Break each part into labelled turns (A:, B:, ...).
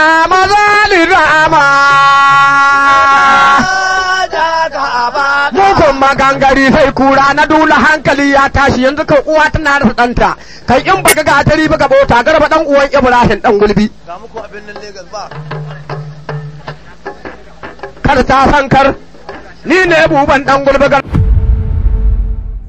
A: rama zali rama magangari sai kura na dula hankali ya tashi yanzu kan uwa tana rasa danta. kai in baka ga tari baka bauta garba dan uwan ibrahim dan gulbi
B: kar ta sankar ni ne buban dan gulbi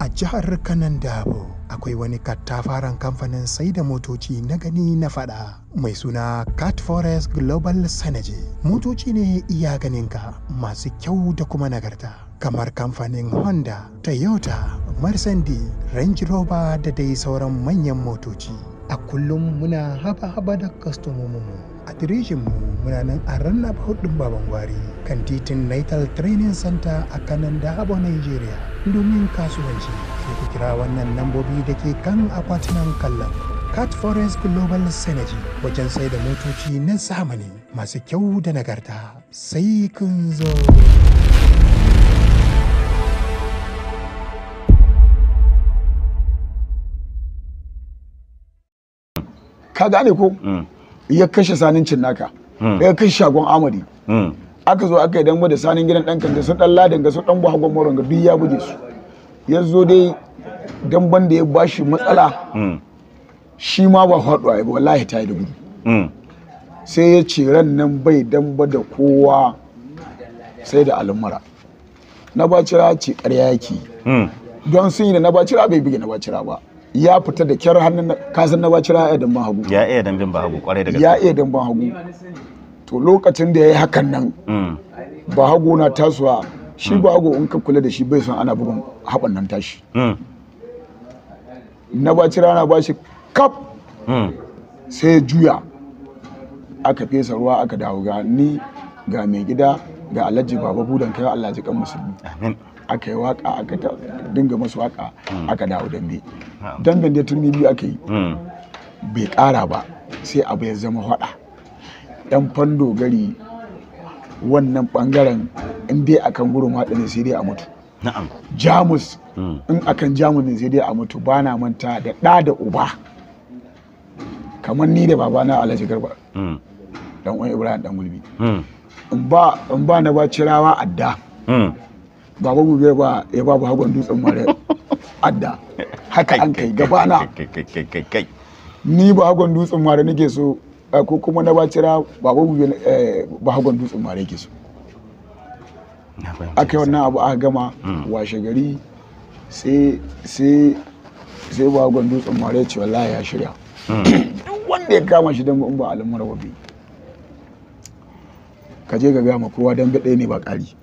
B: a jihar kanan dabo akwai wani katafaren kamfanin sai da motoci na gani na fada mai suna cat forest global sanaje motoci ne iya ganinka masu kyau da kuma nagarta kamar kamfanin honda toyota mercedes range rover da dai sauran manyan motoci a kullum muna haba-haba da kastomominmu a mu muna nan a ranar hudun baban gwari kan titin natal training center a kanan dahabo nigeria domin kasuwanci ke kira wannan lambobi da ke kan akwatunan kallon cat forest global synergy wajen sai da motoci na zamani masu kyau da nagarta sai kun zo
A: ka gane ko mm. ya kashe cin naka mm. ya kashe shagon amadi mm. aka zo aka yi dan da sanin gidan ɗan kanta su dan ladin ga su ɗan buhagon moron ga biyu ya buge su ya zo dai damban da ya bashi matsala hmm. shi ma ba faɗuwa ba wallahi ta yi da gudu hmm. sai ya ce ran nan bai damba da kowa sai da almara na bacira ce ƙarya yake hmm. don sun yi da na bacira bai bige na bacira ba ya fita da kyar hannun kasan na bacira ya damban hagu
C: ya iya damban hagu kwarai da gaske ya
A: iya damban hagu to lokacin da ya yi hakan nan ba hagu na tasowa shi hmm. ba ago in ka kula da shi bai san ana bugun haɓan nan tashi hmm. na baci rana ba shi kaf hmm. sai juya aka fesa ruwa aka dawo ga ni ga mai gida ga alhaji baba budan kai Allah ji kan musulmi aka yi waka aka dinga masu waka aka dawo dambe dambe da turmi biyu aka yi bai ƙara ba sai abu ya zama hada yan fando gari wannan bangaren in dai akan gurin haɗa ne sai dai a mutu na'am jamus hmm. in akan jamus ne sai dai a mutu ba na manta da ɗa da uba kamar ni da babana alhaji garba hmm. dan uwan ibrahim dan gulbi hmm. in ba na ba cirawa adda baba mu bai ba ya ba hagon dutsen mare adda haka an kai gabana ni ba hagon dutsen mare nake so Eh, ko kuma na bacira baba ba eh, bahagon dutsen mare ke so aka yi wannan abu aka gama mm. washe gari sai sai bahagon dutsen mare ce wallahi ya shirya mm. duk wanda ya kama shi don ba al'ummar wabi ka je ka gama kowa don ɗaya ne ba ƙari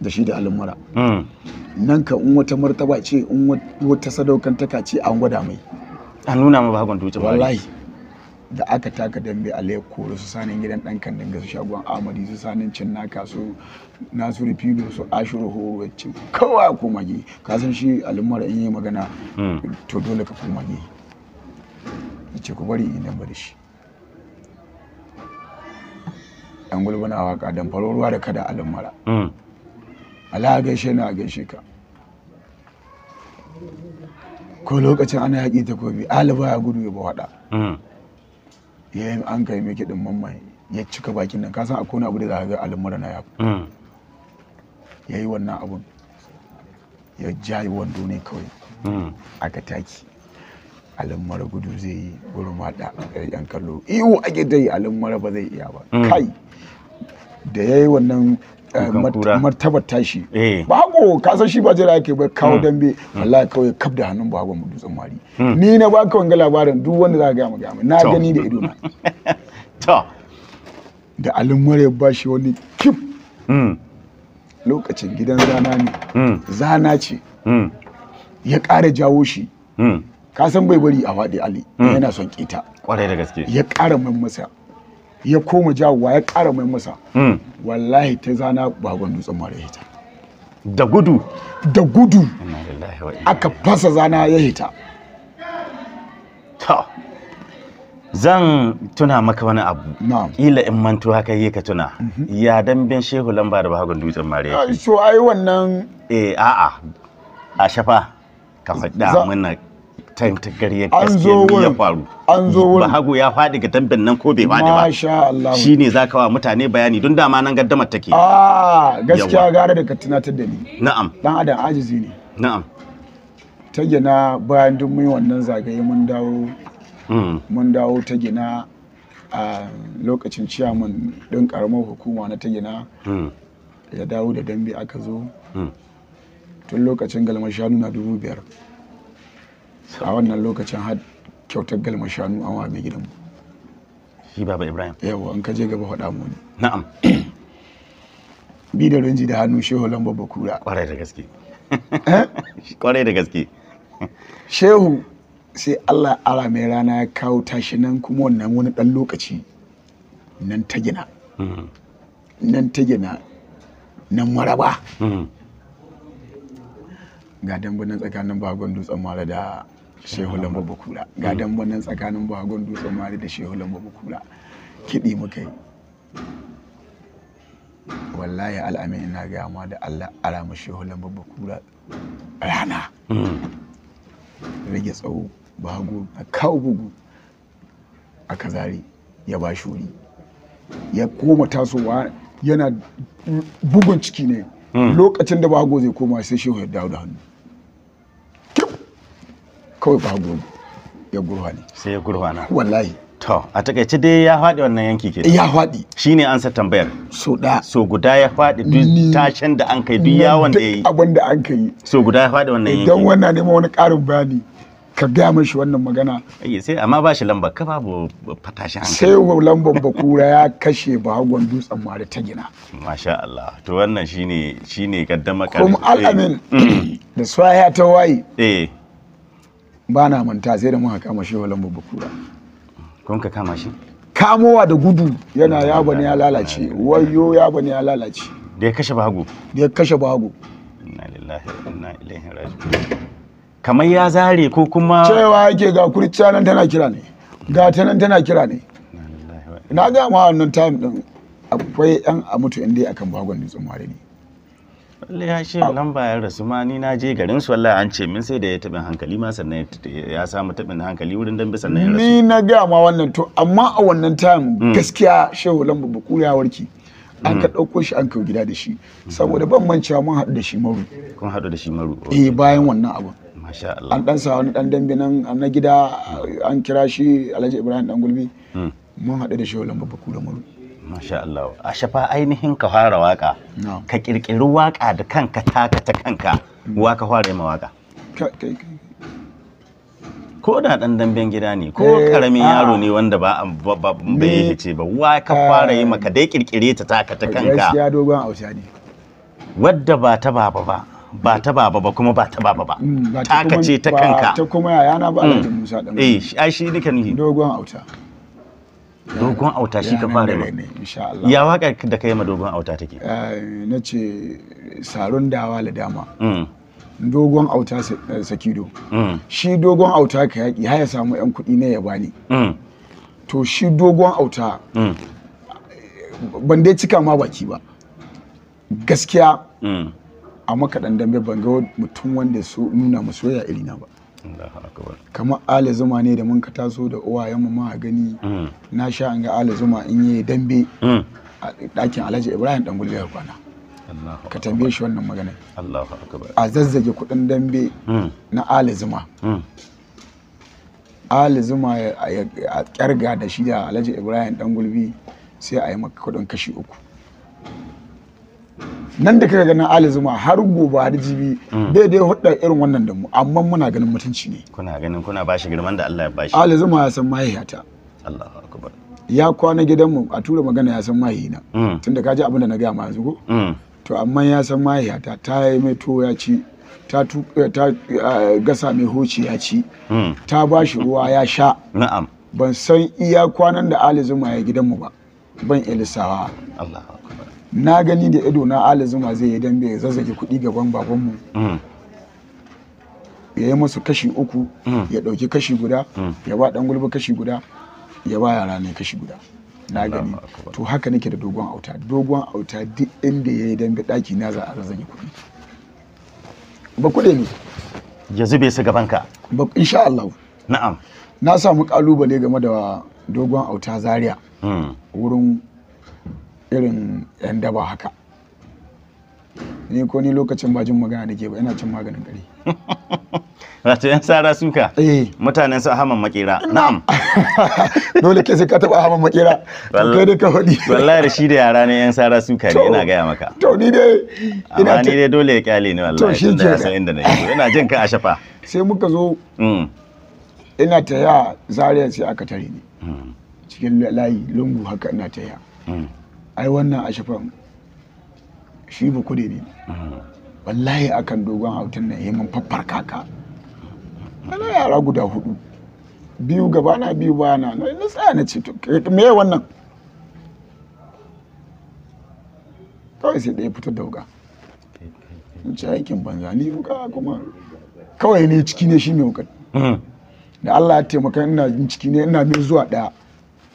A: da shi da al'ummara nan ka in wata martaba ce in wata sadaukantaka ce an gwada mai an nuna ma bahagon dutsen mare wallahi da aka taka dambe a koro su sanin gidan dan kandan ga su shagon amadi su sanin cin naka su nasiru filo su ashiru horo ce kowa ko mage ka san shi al'ummar in yi magana
D: hmm. to
A: dole ka koma ne ce ku bari inda bari da shi dan gulbana waka dan faro ruwa da kada al'ummara hmm. ala gaishe na gaishe ka ko lokacin ana yaƙi takobi aliba ya gudu ya ba waɗa hmm. ya an kai mai kiɗin mamma ya cika bakin nan kasan akwai wani abu da za ga al'amura na yafi hmm. ya yi wannan abun ya jayi wando ne kawai hmm. ka taki al'amura gudu zai yi gurin maɗa yan kallo iwu ake dai al'amura ba zai iya ba hmm. kai da ya yi wannan martabar tashi eh. bago ka san shi ba jira yake ba kawo hmm. dambe hmm. wallahi kawai kaf da hannun bago mu dutsen mari hmm. ni na baka wanga labarin duk wanda za ka ga mu ga na gani da ido na to da alin mure ba shi wani kif lokacin gidan zana
D: ne
A: zana ce ya ƙara jawo shi ka san bai bari a faɗi ali yana son kita
C: da gaske ya
A: ƙara mun masa ya koma jawowa ya ƙara mai masa hmm. wallahi ta zana bagon dutsen mara hita da gudu da gudu aka fasa zana ya hita
C: zan tuna maka wani abu ila in mantu haka yi ka tuna mhm. ya dambin shehu lamba da bagon dutsen mara hita so
A: ai wannan
C: eh a'a a shafa ka faɗa mana time ta gari ya gaskiya ya faru an zo wurin hagu ya faɗi ga dambin nan ko bai faɗi ba
A: masha Allah shine
C: zaka wa mutane bayani don dama nan gaddamar take a
A: ah, gaskiya gara da ka tunatar da ni na'am dan adam ajizi ne na'am ta gina bayan duk mun wannan zagaye mun dawo hmm. mun dawo ta gina a lokacin ciyaman din karamar hukuma na ta gina hmm. ya dawo da dambe aka zo hmm. tun lokacin galmar shanu na dubu biyar a wannan lokacin har kyautar galma shanu an wa mai gidanmu shi baba ibrahim yawa an kaje gaba faɗa mu ne na'am bi da rinji da hannu shehu lamba bakura kwarai da gaske eh? kwarai da gaske shehu sai allah ara mai rana ya kawo tashi nan kuma wannan wani ɗan lokaci nan ta gina mm-hmm. nan ta gina nan maraba mm-hmm. ga dambe tsakanin bagon dutsen mara da shehu lamba bakula ga dambe tsakanin bagon dutsen mara da shehu lamba bakula kiɗi muka yi wallahi al'amin ina gaya ma da allah ara mu shehu lamba bakula rana rage tsawo bago A kawo bugu a kazari ya ba shuri ya koma tasowa yana bugun ciki ne hmm. lokacin da bago zai koma sai shehu ya dawo da hannu kawai babu ya gurhane
C: sai ya gurhana wallahi to a takaice dai ya faɗi wannan yanki ke ya faɗi shine ansa tambayar so da so guda ya faɗi duk tashin da an kai duk yawon da yayi abin da an kai so guda ya faɗi wannan yanki idan wannan
A: ma wani ƙarin bayani ka gaya shi wannan magana
C: sai amma ba shi lambar ka babu fatashi an sai lambar
A: bakura ya kashe bahagon dutsen mare ta gina
C: masha Allah to wannan shine shine gaddama kuma al'amin eh. mm.
A: da swaya ta waye eh ba na manta sai da muka kama shi walan babba kura kun ka kama shi kamowa da gudu yana yabo ne ya lalace wayo yabo ne ya lalace da ya kashe bago da ya kashe bago
C: inna lillahi wa inna ilaihi raji'un
A: kamar ya zare ko kuma cewa yake ga kurciya nan tana kira ne ga ta nan tana kira ne na ga ma wannan time din akwai yan a mutu inda akan bagon da tsumare ne
C: Lalle ya shi nan ba ya rasu ma ni na je garin su wallahi an ce min sai da ya tabin hankali ma sannan ya samu tabin hankali wurin dambe sannan ya rasu.
A: Ni na ga ma wannan to amma a wannan time mm. gaskiya Shehu Lambu Bukuru ya warke. Mm. an ka ɗauko shi an kai gida da shi saboda ban mancewa mun haɗu da shi maru. Kun haɗu da shi maru. Eh bayan wannan abu.
C: Masha Allah. An
A: ɗan sa wani ɗan dambe nan na gida an kira shi Alhaji Ibrahim Dangulbi. Mm. Mun haɗu da Shehu Lambu Bukuru maru.
C: Masha Allah. A shafa ainihin ka fara waka. Ka kirkiri waka da kanka taka ta kanka. Mm. Waka fara yi waka. Ko da ɗan damben gida ne, ko karamin eh, yaro ne wanda ba bai hice ba, wa ka fara yi maka dai kirkire ta taka ta kanka. Gaskiya
A: dogon ausha ne.
C: Wadda ba ta baba ba, ba ta baba ba kuma ba ta baba ba.
A: Mm, taka ce ta kanka. Ta kuma yayana ba mm. Alhaji Musa ɗan. Eh, ai shi nika nuhi. Dogon auta.
C: dogon auta shi ka fara ne ya waka da kai ma dogon auta take
A: na ce sarun dawa da dama mm. dogon auta eh, sakido mm. shi dogon auta ka yaki har ya samu yan kuɗi na ya bani mm. to shi dogon auta ban dai cika ma baki ba gaskiya a makaɗan dambe ban ga mutum wanda su nuna masoya irina ba kamar ala zuma ne da mun ka taso da mu ma gani mm. na sha an ga ala zuma in yi dambe mm. a ɗakin alhaji ibrahim dan ya kwana ka tambaye shi wannan magana a zazzage kuɗin dambe mm. na ala zuma ali zuma ya kyarga da shi da alhaji ibrahim dan gulbi sai a yi maka kudin kashi uku nan da kaga ganin Ali Zuma har gobe har jibi bai mm. dai hudda irin wannan da mu amma muna ganin mutunci ne
C: kuna ganin kuna bashi girman da Allah ya bashi Ali Zuma ya san
A: mahaihata Allahu akbar ya kwana gidanmu a tura magana ya san mahina mm. tunda kaje abin da na ga ma yanzu ko mm. to amma ya san mahaihata ta yi mai to ya ci ta eh, eh, gasa mai hoci ya ci ta bashi ruwa ya sha na'am ban san iya kwanan da Ali Zuma ya gidanmu ba ban ilisawa Allah akbar na gani da ido na ala zuma zai yi dambe ya zazzage kuɗi gaban babanmu mm. ya yi musu kashi uku mm. ya ɗauki kashi guda mm. ya ba ɗan gulba kashi guda ya ba yara ne kashi guda na gani to haka nake da dogon auta dogon auta duk inda ya yi dambe ɗaki na za a zazzage kuɗi ba kuɗe ne ya zube su gaban ka ba insha Allah na'am na samu kalubale game da dogon auta zaria wurin irin yan daba haka ni ko ni lokacin ba jin magana da ke ba ina cin maganin gari
C: wato yan sara suka eh. mutanen su ahaman makera na'am
A: dole ke sai ka taba ahaman makera
C: kai da ka faɗi wallahi da shi da yara ne yan sara suka ne ina gaya maka to ni dai amma ni dai dole ya kyale ni wallahi to da san inda nake ina jin ka a shafa
A: sai muka zo mm. ina ta ya zariya sai aka tare ni mm. cikin layi lungu haka ina ta ya. Mm. ai wannan ashifan shi ba kude ne wallahi akan dogon hautun nan yayin faffar kaka ana yara guda hudu biyu gaba na biyu ba na na tsaya na ce me wannan kawai sai ɗaya fitar da wuka ci aikin banza ni wuka kuma kawai ne ciki ne shi ne wukan hmm. da Allah ya taimaka ina ciki ne ina min zuwa ɗaya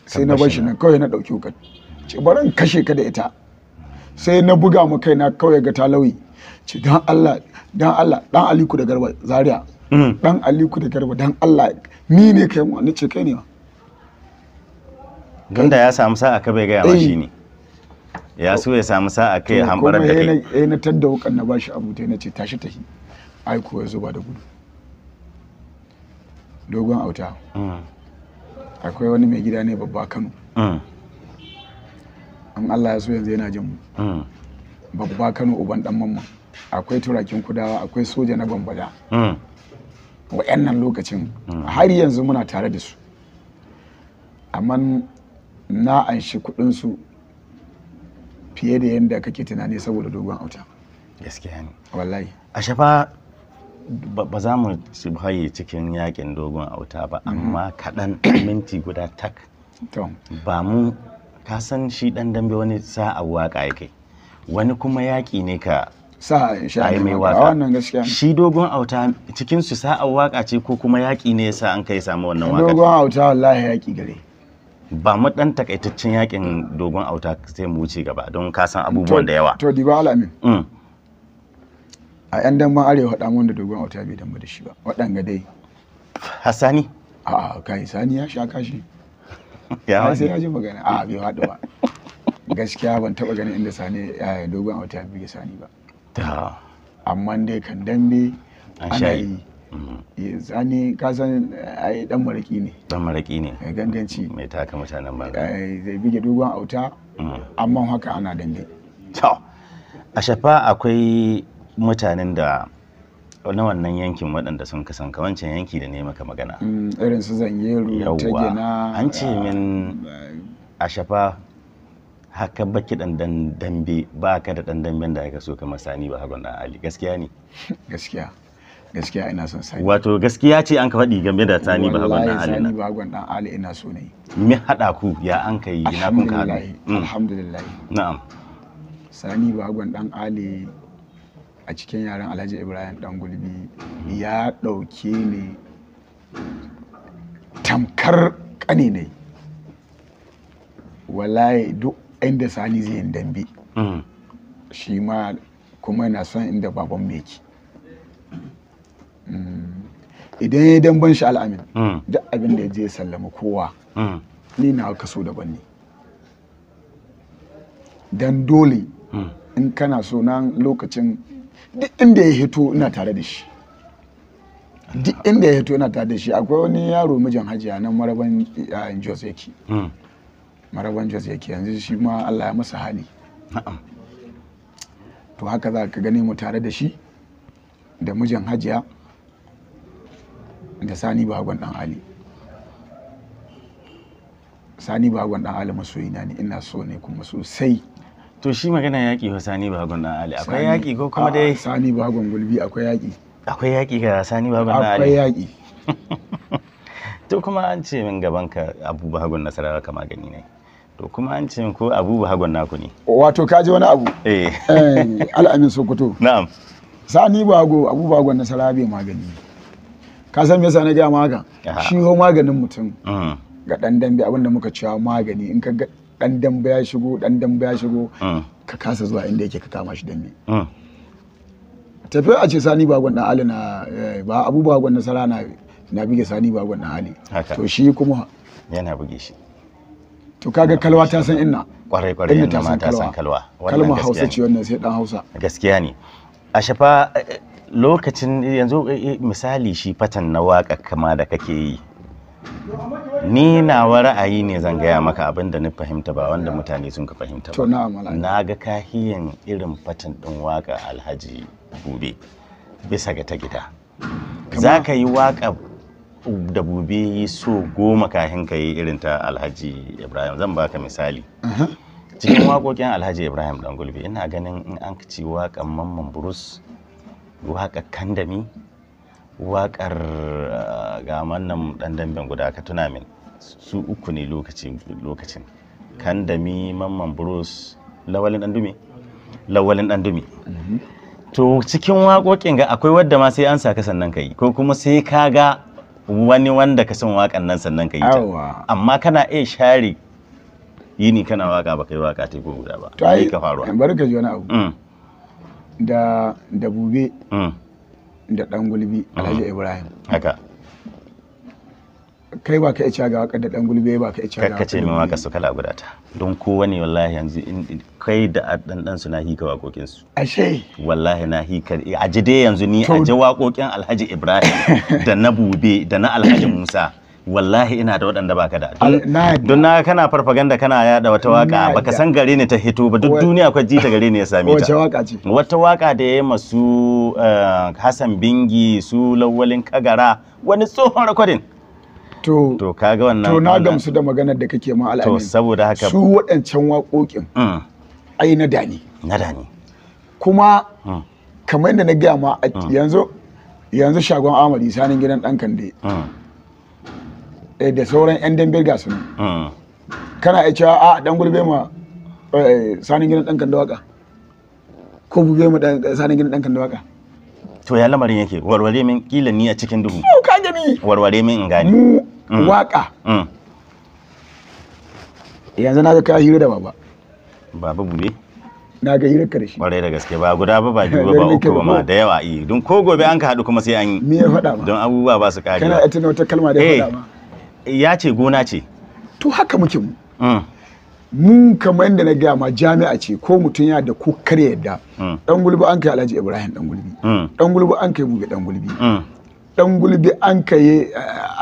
A: sai na bar shi nan kawai na ɗauki wukan ce bari kashe ka da ita sai na buga mu kaina kawai ga talawi ce dan Allah dan Allah dan Aliku da Garba Zaria mm. dan Aliku da Garba dan Allah ni ne kai mu ni ce kai ne Ganda ya samu sa'a
C: ka bai gaya ma eh. shi ne ya so ya samu sa'a kai hambarar da kai
A: eh, eh na tadda wukan na bashi abu dai na ce tashi tahi ai kuwa zuba da gudu dogon auta mm. akwai wani mai gida ne babba Kano mm. in Allah ya so yanzu yana jin mu hmm. babba Kano uban dan mamma akwai turakin kudawa akwai soja na gwambada hmm. wa'annan lokacin hmm. har yanzu muna tare da su amma na anshi kudin su fiye da yadda kake tunani saboda dogon auta gaskiya ne
C: wallahi a shafa ba za mu haye cikin yakin dogon auta ba mm-hmm. amma kaɗan minti guda tak ba mu ka san shi dan dambe wani sa'a waka yake wani kuma yaƙi ne ka sa'a insha mai waka wannan gaskiya shi dogon auta cikin su sa'a waka ce ko kuma yaƙi ne yasa an kai samu wannan waka dogon
A: auta wallahi yaƙi gare
C: ba mu dan takaitaccen yaƙin dogon auta sai mu wuce gaba don ka san abubuwan da yawa
A: to diba alamin mm. a yan damban arewa da mun da dogon auta bai damba da shi ba waɗanga dai hasani a'a kai sani ya sha kashi ya haɗu ya ji magana a bai haɗu ba gaskiya ban taɓa ganin inda sani eh, ya dogon a wata bige sani ba amma dai kan dambe ana yi zane mm-hmm. eh, kasan eh, ai dan maraki ne dan maraki ne ganganci mai taka mutanen ba zai bige dogon auta mm. amma haka ana dambe
C: a shafa akwai mutanen da na wannan yankin waɗanda sun kasanka wancan yanki da ne maka magana
A: mm, irin su zanyero ta gina an ce ah,
C: min a shafa haka baki dandan dambe ba ka da dandan da aka so kamar sani ba hagon dan ali gaskiya ne gaskiya gaskiya ina son sani wato gaskiya ce an ka faɗi game da sani ba hagon dan ali sani
A: ba hagon dan ali ina so ne
C: me haɗa ku ya an ka yi na kun ka mm.
A: alhamdulillah na'am sani ba hagon dan ali a cikin yaren alhaji ibrahim dan gulbi ya ɗauke ni tamkar ƙane ne wallahi duk inda sani zai dambe mm. shi ma kuma yana son inda baban meki mm. idan ya damban shi al'amin mm. duk abin da ya je sallama kowa ni na kaso daban ne don dole in kana so nan lokacin duk inda ya hito ina tare da shi duk inda ya hito ina tare da shi akwai wani yaro mijin hajiya nan maraban jos yake hmm. maraban jos yake yanzu shi ma allah ya masa hali to haka za ka gani mu tare da shi da mijin hajiya da sani bagon dan ali sani bagon dan ali masoyina ne ina so ne kuma sosai
C: to shi magana yaƙi ko sani bagon dan ali akwai yaƙi ko kuma dai
A: sani bagon gulbi akwai yaƙi akwai yaƙi ga sani bagon dan ali akwai yaƙi
C: to kuma an ce min gaban ka abu bagon nasara ka magani ne to kuma an
A: ce min ko abu bagon naku ne wato ka ji wani abu eh, eh al'amin sokoto na'am sani bago abu bagon nasara bai magani ka san me yasa na ga maka shi ho maganin mutum mm. ga dandan dambe abinda muka cewa magani in ka dan damba ya shigo dan damba ya shigo ah. ka kasa zuwa inda yake ka kama shi dambe ah. tafi a ce sani ba dan ali na eh, ba abu bagon nasara na na bige sani Ba dan ali to shi kuma yana buge shi to kaga kalwa ta san inna kwarai kwarai inna ma ta san kalwa kalma hausa ce wannan sai dan hausa
C: gaskiya ne a shafa eh, eh, lokacin yanzu misali shi fatan na waka kama da kake yi ni nawa ra'ayi ne zan gaya maka abin da na fahimta ba wanda mutane sun ka fahimta ba na ga kahiyan irin fatan ɗin waka alhaji bube bisa ga ta gida za ka yi waka da bube yi so goma kahin ka yi irin ta alhaji ibrahim zan baka misali cikin waƙoƙin alhaji ibrahim dan gulbi ina ganin in an ci waƙan mamman burus waƙa kandami waƙar ah, ga wannan ɗan damben guda ka tuna min su uku ne lokacin kan da mi mamman bruce lawalin ɗan dumi lawalin ɗan dumi mm-hmm. to cikin waƙoƙin ga akwai wadda ma sai an saka sannan ka yi ko kuma sai ka ga wani wanda ka son waƙan nan sannan ka yi ta amma kana iya share yini kana waƙa ba kai waƙa ta guda ba to ai ka faruwa ji wani abu mm.
A: da da bube mm. da dan gulbi alhaji ibrahim haka kai ba ka iya ga wakar da dan gulbi ba ka iya ga ka ce min
C: waka su kala guda ta don wani wallahi yanzu kai da dan dan su na hika wakokin su ashe wallahi na hika a jide yanzu ni a ji wakokin alhaji ibrahim da na bube da na alhaji musa wallahi ina da waɗanda baka da don na kana farfaganda kana yada wata waka baka san gare ne ta hito ba duk duniya kwa ji ta gare ne ya same ta wata waka da ya masu eh, Hassan Bingi su lawalin kagara wani tsohon rakodin to kaga wannan to na gamsu da
A: maganar da kake ma al'amin to saboda haka su waɗancan waƙoƙin mm. ai na dani na dani kuma mm. kamar yadda na gaya ma mm. yanzu yanzu shagon Amadi sanin gidan ɗan Kande Eh, da sauran 'yan dambe ga su kana ya cewa a dan gurbe ma sanin gina dan kan dawaka ko gulbe ma sanin gina dan kan dawaka
C: to ya lamarin yake warware min kila ni a cikin duhu ko ka gani warware min in gani mu mm. waka mm.
A: yanzu na ga ka hira da baba
C: baba bube na ga hira karshe ƙwarai da gaske ba guda ba ba biyu ba uku ba ma da yawa yi eh, don ko gobe an ka haɗu kuma sai an yi me ya faɗa don abubuwa ba su ƙari kana ita
A: wata kalma da ya eh, faɗa ba ya ce gona ce to haka muke mu mm. mu kamar yadda na gaya ma jami'a ce ko mutum ya da ko kar yadda mm. dan gulbi an kai alhaji ibrahim dan
D: gulbi mm.
A: dan gulbi an kai buge dan gulbi dan gulbi an kai eh,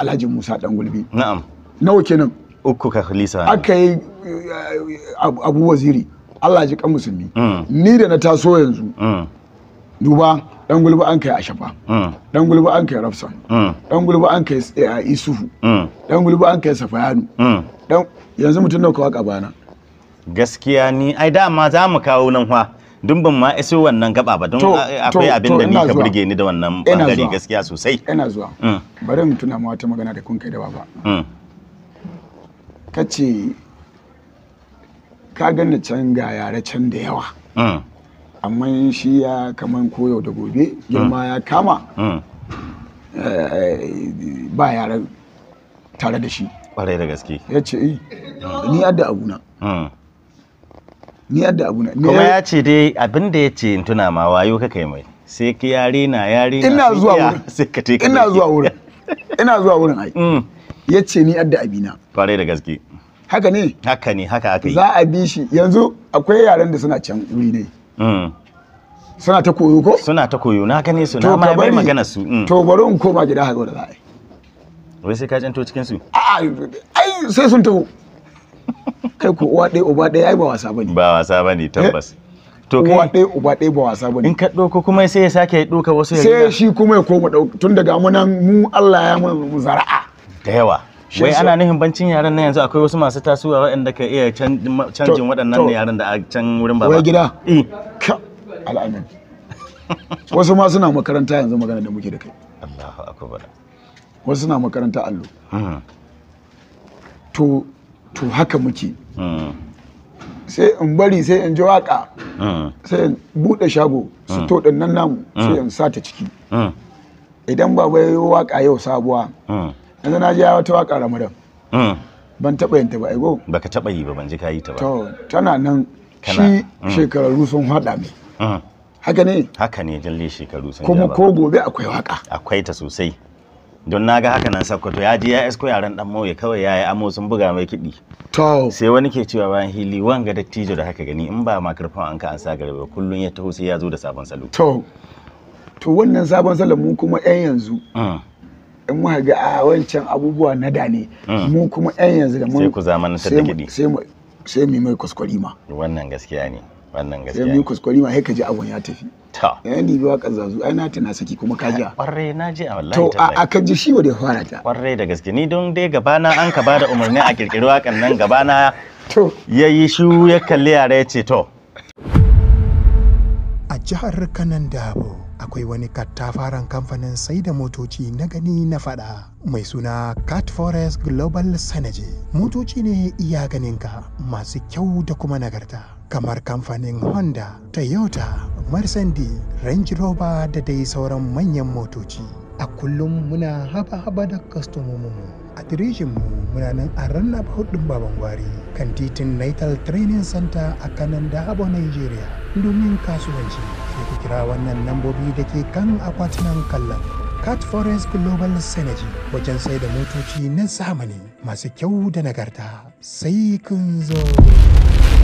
A: alhaji musa dan gulbi na'am nawa kenan uku ka khalisa aka yi eh, abu waziri allah ji kan musulmi ni da na taso yanzu duba dan gulbu an kai ashafa hmm. dan gulbu an kai rafsan hmm. dan gulbu an kai eh, isufu hmm. dan gulbu an kai safayanu dan yanzu mutum nawa kawaka bana
C: gaskiya ni ai dama za mu kawo nan fa dun ban ma iso wannan gaba ba don akwai abin da ni ka burge ni da wannan bangare gaskiya sosai ina zuwa
A: bari mu tuna ma wata magana da kun kai da baba kace ka ganna can ga yare can da yawa amma shi ya kaman koyau da gobe girma ya kama hmm. eh, ba yaran tare da shi ƙwarai da gaske ya ce yi eh, ni yadda hmm. abuna ni yadda abuna
C: kuma ya ce dai abin da ya ce in tuna ma wayo ka kai mai sai ka yare na yare na ina zuwa wurin
A: ina zuwa wurin ina zuwa wurin ai hmm. ya ce ni yadda abina
C: ƙwarai da gaske
A: haka ne haka ne haka aka yi za a bi shi yanzu akwai yaran da suna can wuri ne Mm. suna ta koyo ko suna ta koyo na gane su na mai mai magana su mm. to bari in koma gida hazo da za'a
C: wai sai ka janto cikin su
A: a'a ai sai sun taho kai ko uwa ɗaya uba
C: ɗaya ai ba wasa bane ba wasa bane eh? tabbas
A: to kai uwa ɗaya uba ɗaya ba wasa bane in ka ɗauko kuma sai ya sake ya ɗauka wasu ya sai shi kuma ya koma ɗauka tun daga munan mu Allah ya mu zara'a da yawa
C: wai ana nihin bancin yaran na yanzu akwai wasu masu tasowa waɗanda ka iya canjin waɗannan yaran da a can wurin baba wai gida
A: eh. ka al'amin wasu ma suna makaranta yanzu magana da muke da kai Allahu akbar wasu suna makaranta allo hmm. to to haka muke hmm. sai in bari sai in ji waka hmm. sai in bude shago su to nan namu sai in sata ciki idan baba ya yi waka yau sabuwa yanzu na ji wata waka ramadan hmm. ban taɓa yin ta ba aigo
C: baka taɓa yi ba ban ji ka yi ta ba
A: to tana nan shi hmm. shekararru sun haɗa mai hmm. haka ne
C: haka ne jalle shekaru sun kuma ko gobe akwai waka akwai ta sosai don na ga haka nan sakkwato ya je ya esko yaran dan mauye kawai ya yi amo sun buga mai kiɗi to sai wani ke cewa bayan hili wanga dattijo da haka gani in ba makarfan an ka an sa garba kullun ya taho sai ya zo da sabon salo
A: to to wannan sabon salon mu kuma yan yanzu in muka ga a ah, wancan abubuwa na da ne hmm. mu kuma yan yanzu da mun sai ku zamanantar da gidi sai mu sai mu mai kuskure ma wannan gaskiya ne wannan gaskiya sai mu kuskure ma sai ji abun ya tafi ta yan dibi waƙar zazu ai na tana saki kuma ka ji kwarai na ji a wallahi to a ka ji shi da fara ta kwarai da
C: gaske ni don dai gabana an ka bada umarni a kirkiri wakan nan gabana to yayi shu ya kalli yare ya ce to
B: a jihar kanan dabo akwai wani katafaren kamfanin sai da motoci na gani na fada mai suna cat forest global sanaje motoci ne iya ganinka masu kyau da kuma nagarta kamar kamfanin honda toyota mercedes range rover da dai sauran manyan motoci a kullum muna haba-haba da kastomominmu a mu muna nan a ranar hudun baban gwari kan titin natal training center a kanan dabo nigeria domin kasuwanci ke ki kira wannan lambobi da ke kan akwatunan kallon cat forest global synergy wajen sai da motoci na zamani masu kyau da nagarta sai kun zo